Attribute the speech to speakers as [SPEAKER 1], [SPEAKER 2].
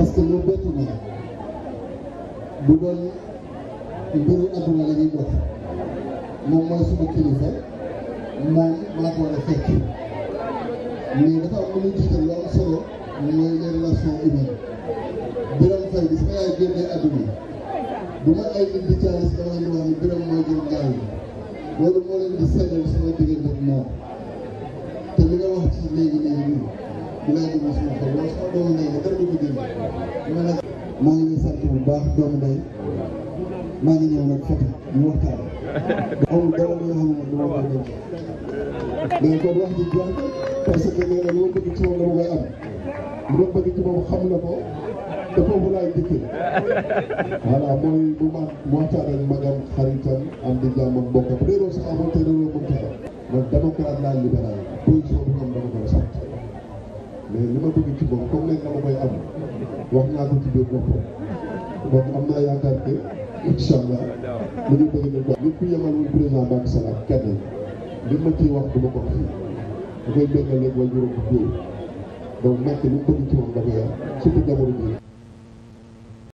[SPEAKER 1] parce que loolu bettu na bu doon adduna la ñuy moom mooy suñu kilifa moom maa ko war a fekk mais dafa am lu ñu jiital lu am solo mooy les relations humaines Birame Faye bis ma adduna bu ma ay nit di caalis dama leen wax ne Birame moo gën gaaw loolu moo leen di seddal sama diggante ak moom te li nga wax ci léegi léegi nii laaj ma sama xol wala sama doomu ndey la dara du ko jënd maa ngi lay sant bu baax doomu ndey maa ngi ñëw nag Fatick ñu waxtaan amul dara loo xam ne du ma ko denc mais kon wax ji jeex na parce que nee na loo bëgg ci moom dama koy
[SPEAKER 2] am loo bëgg ci moom xam na ko te foofu laay dëkkee voilà mooy bu ma waxtaan ak magam xaritam am di jàmm ak mbokk bu dee loolu sax amoon te loolu mënta am man démocrate laa libéral position mais li ma bëgg
[SPEAKER 3] ci moom comme léegi dama koy am wax naa ko ci biir boppam donc am naa yaakaar que incha allah lu ñu bëgg ñu ko nit ku yemal woon président Macky Sall kenn
[SPEAKER 1] li ma ci wax du ma ko wax da koy béykat léegi wala juróom bu góor donc Macky li mu bëgg ci moom da koy am surtout jamono bii.